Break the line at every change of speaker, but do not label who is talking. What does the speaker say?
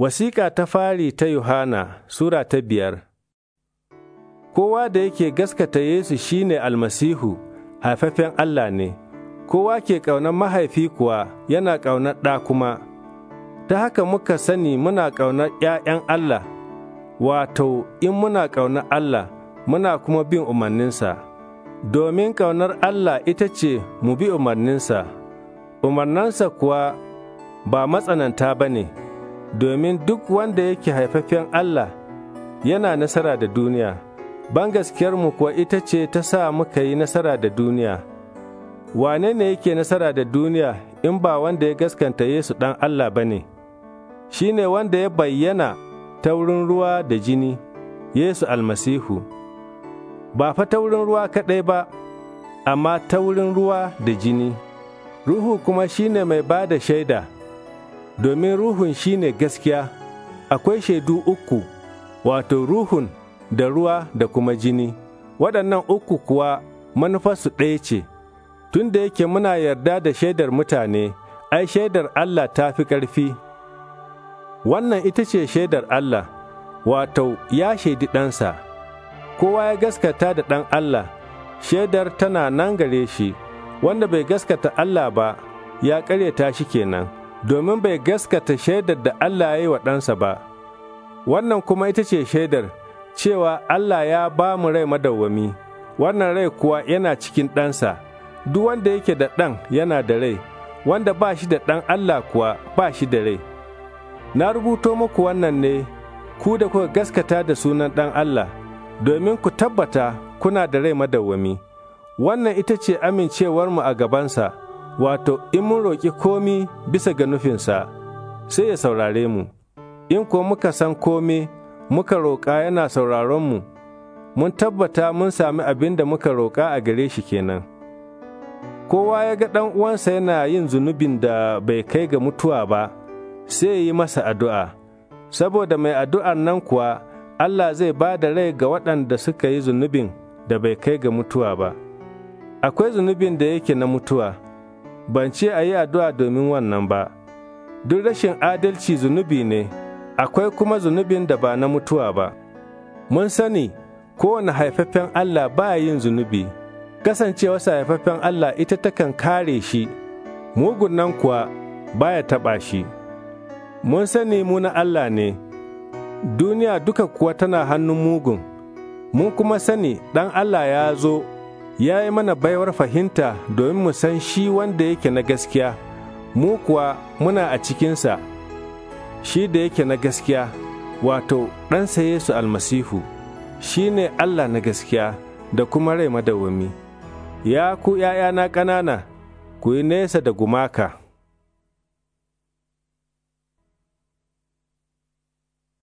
Wasiƙa ta fari ta Yohana Sura ta biyar Kowa da yake gaskata Yesu shine almasihu, haifafen Allah ne, kowa ke ƙaunar mahaifi kuwa yana ƙaunar ɗa kuma, ta haka muka sani muna ƙaunar ‘ya'yan Allah, wato, in muna ƙaunar Allah, muna kuma bin umarninsa, domin ƙaunar Allah ita ce mu bi umarninsa, umarninsa kuwa ba matsananta ba ne. domin duk wanda yake haifafen Allah yana nasara da duniya, Ban mu kuwa ita ce ta sa muka yi nasara da duniya. Wane ne yake nasara da duniya in ba wanda ya gaskanta Yesu ɗan Allah ba ne, shi ne wanda ya bayyana ta wurin ruwa da jini, Yesu almasihu, ba fa ta wurin ruwa kaɗai ba, amma ta wurin ruwa da jini, Ruhu kuma shi ne mai ba da shaida. domin ruhun shi ne gaskiya, akwai shaidu uku, wato ruhun da ruwa da kuma jini, waɗannan uku kuwa manufarsu ɗaya ce, tun da yake muna yarda da shaidar mutane, ai shaidar Allah ta fi ƙarfi. Wannan ita ce shaidar Allah, wato ya shaidi ɗansa, kowa ya gaskata da ɗan Allah, shaidar tana nan gare shi, wanda bai gaskata Allah ba, ya ƙaryata shi kenan. domin bai gaskata shaidar da Allah ya yi wa ɗansa ba, wannan kuma ita ce shaidar cewa Allah ya ba mu rai madawwami, wannan rai kuwa yana cikin ɗansa, duk wanda yake da ɗan yana da rai, wanda ba shi da ɗan Allah kuwa ba shi da rai. Na rubuto muku wannan ne, ku da kuka gaskata da sunan ɗan Allah, domin ku tabbata kuna da rai madawwami. Wannan ita ce amincewarmu a gabansa. wato, in mun roƙi komi bisa ga nufinsa, sai ya saurare mu, in ko muka san komi muka roƙa yana sauraronmu, mun tabbata mun sami abin da muka roƙa a gare shi kenan. Kowa ya ga ɗan uwansa yana yin zunubin da bai kai ga mutuwa ba, sai ya yi masa addu'a, saboda mai addu'ar nan kuwa Allah zai ba da rai ga waɗanda suka yi zunubin da bai kai ga mutuwa ba. Akwai zunubin da yake na mutuwa. ban ce a yi addu'a domin wannan ba, duk rashin adalci zunubi ne, akwai kuma zunubin da ba na mutuwa ba. Mun sani kowane haifaffen Allah ba yin zunubi, kasancewarsa haifaffen Allah ita takan kare shi, mugun nan kuwa baya taɓa shi. Mun sani mu na Allah ne, duniya duka kuwa tana hannun mugun, mun kuma sani ɗan Allah ya zo ya yi mana baiwar fahimta domin mu san shi wanda yake na gaskiya, mu kuwa muna a cikinsa, shi da yake na gaskiya, wato ɗansa Yesu almasihu, shi ne Allah na gaskiya da kuma rai madawwami. Ya ku ’ya'yana ƙanana, ku yi nesa da gumaka.